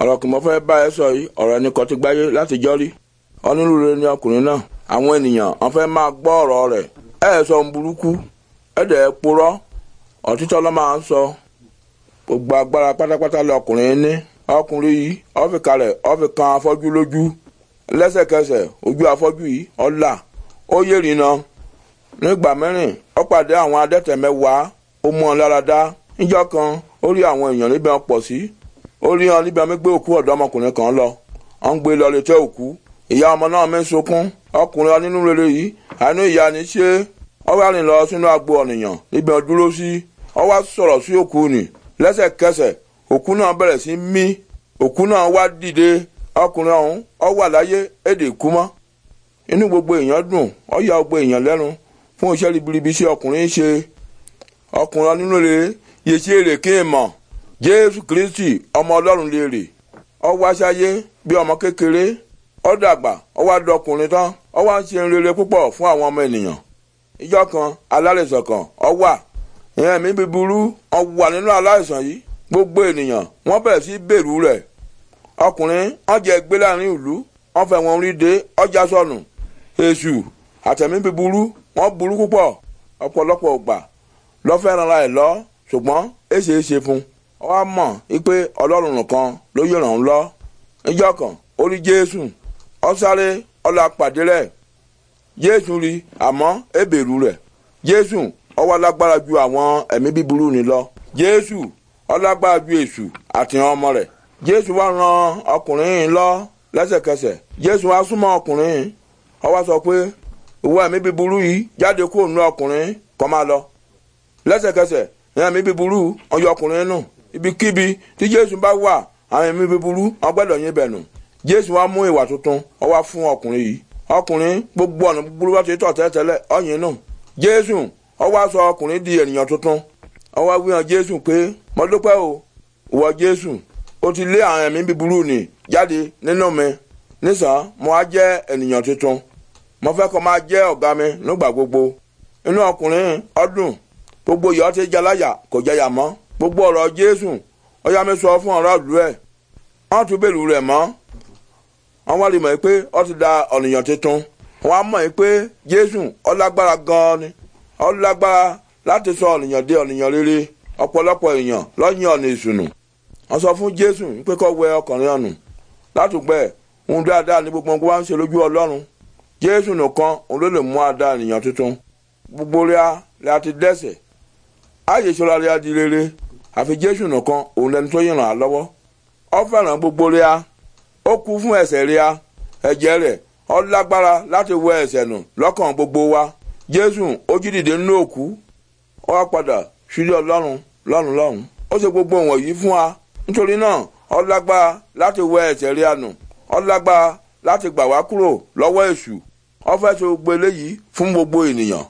ọ̀rọ̀ kì mọ́ fẹ́ bá ẹ sọ yìí ọ̀rọ̀ ẹni kò ti gbáyé láti jọ́rí onírúurú ni ọkùnrin náà àwọn ènìyàn wọn fẹ́ máa gbọ́ ọ̀rọ̀ rẹ̀ ẹ ẹ sọ burúkú ẹ dẹ̀ ẹ purọ́ ọ̀títọ́ ló máa ń sọ gbogbo agbára pátápátá lọkùnrin ní ọkùnrin yìí ó fi kalẹ̀ ó fi kan afọ́jú lójú lẹ́sẹ̀kẹsẹ̀ ojú afọ́jú yìí ó là ó yé ìrìnà nígbà mẹ́rin ó pàdé àwọn adẹ́tẹ̀ mẹ́wàá ó mú wọn lára dá níjọ́ kan ó rí àwọn èèyàn níbẹ̀ pọ̀ sí ó rí hàn níbi ọmọ gbé òkú ọ̀dọ́ ọmọkùnrin kan lọ ó ń gbé lọ létí òkú ìyá ọmọ náà mi ń sunkún ọkùnrin onínú rere yìí àánú ìyá ni ṣé ó wá rìn lọ sínú agbo ọ̀nìyàn níbi ó dúró sí ó wá sọ̀rọ̀ sí òkú nì lẹ́sẹ̀kẹsẹ̀ òkú náà bẹ̀rẹ̀ sí mí òkú náà wá dìde ọkùnrin ọ̀hún ó wà láyé èdè kú mọ́ inú gbogbo èèyàn dùn ó yà gbogbo èèyàn lẹ́nu fún iṣẹ́ ribiribi sí ọkùnrin ṣe ọkùnrin onínú rere yèsí èrè kí n mọ̀ jésù kristi ọmọ ọlọ́run lè rè ọ wá sáyé bí ọmọ kékeré ọ dàgbà ọ wá dọkùnrin tán ọ wá ń ṣe rere púpọ̀ fún àwọn ọmọ ènìyàn ìjọ kan aláìsàn kan ọ wà ìyẹn mi bíburú ọ wà nínú aláìsàn yìí gbogbo ènìyàn wọ́n bẹ̀rẹ̀ sí bẹ̀rù rẹ̀ ọkùnrin ọjà ẹgbẹ́ láàrin ìlú wọ́n fẹ́ wọn rí dé ọjà sọnù èṣù àtẹ̀mí bíburú wọ́n burú púpọ̀ ọ̀pọ̀lọpọ̀ ògbà lọ́fẹ́ ràn ra ẹ̀ lọ ṣùgbọ́n èṣe é ṣe fún un ọ wá mọ̀ wípé ọlọ́run nìkan ló yẹ ràn án lọ níjọ́ kan ó rí jésù ọ sáré ọlọ apàdé rẹ̀ jésù rí àmọ́ èbèrú rẹ̀ jésù ọ wá lágbára ju àwọn ẹ̀mí bíburú ni lọ jésù ọ lágbára ju èṣù àti ọmọ rẹ̀ jésù wá ràn ọkùnrin yìí lọ lẹ́sẹ̀kẹsẹ̀ jésù wá súnmọ́ ọkùnrin yìí ọ wá sọ pé ìwọ ẹ̀mí bíburú yìí jáde kúrò nínú ọkùnrin kó máa lọ lẹ́sẹ̀kẹsẹ̀ ẹ̀mí bíburú ó yọ ọkùnrin nù ibikíbi tí jésù bá wà àwọn ẹ̀mí búburú wọn gbọ́dọ̀ yín bẹ̀nù jésù wá mú ìwà tuntun ó wá fún ọkùnrin yìí ọkùnrin gbogbo ọ̀nà búburú bá ti tọ̀ tẹ́lẹ̀tẹ́lẹ̀ ọ̀yìn náà jésù ó wá sọ ọkùnrin di ènìyàn tuntun ó wá wíyan jésù pé mo dúpẹ́ o ìwọ jésù o ti lé àwọn ẹ̀mí búburú nì jáde nínú mi nísàn mo á jẹ́ ènìyàn tuntun mo fẹ́ kó máa jẹ́ ọ̀gá mi nígbà gbogbo inú ọkùnrin ọdún gbogbo ìyọ́ ti jaláyà kò jẹyà mọ́ gbogbo ọ̀rọ̀ jésù ọyá mi sọ fún ọ̀rọ̀ àdúrà ẹ̀ wọ́n tún bèlú rẹ̀ mọ́ wọ́n wá rí mọ̀ pé ó ti da ọ̀nìyàn tuntun wọ́n á mọ̀ pé jésù ó lágbára gan-an ni ó lágbára láti sọ ọ̀nìyàn dé ọ̀nìyàn rere ọ̀pọ̀lọpọ̀ èèyàn lọ́yìn ọ̀nà ìsùnù wọ́n sọ fún jésù pé kó wẹ ọkùnrin ọ̀nù látùgbẹ́ òun dáadáa ní gbogbo nǹkan wá ń ṣe lójú ọlọ́run jésù nìkan òun ló lè mú àdá ènìyàn tuntun gbogbo rẹ̀ a ti dẹ́ṣẹ̀ àyè ìṣọ́ra rẹ̀ di rere àfi jésù nìkan òun lẹni tó yìnràn á lọ́wọ́ ó fẹ́ràn gbogbo rẹ̀ á ó kú fún ẹ̀ṣẹ̀ rẹ̀ á ẹ̀jẹ̀ rẹ̀ ó lágbára láti wẹ ẹ̀ṣẹ̀ nù lọ́kàn gbogbo wa jésù ó jí dìde nínú òkú ó wá padà sílé ọlọ́run lọ́run lọ́run ó ṣe gbogbo wọ̀nyí fún wa nítorí náà ó lágbára láti wẹ ẹ̀ṣẹ̀ rẹ̀ nù ó lágbára láti gbà wá kúrò lọ́wọ́ èṣù ó fẹ́ ṣe gbogbo eléyìí fún gbogbo ènìyàn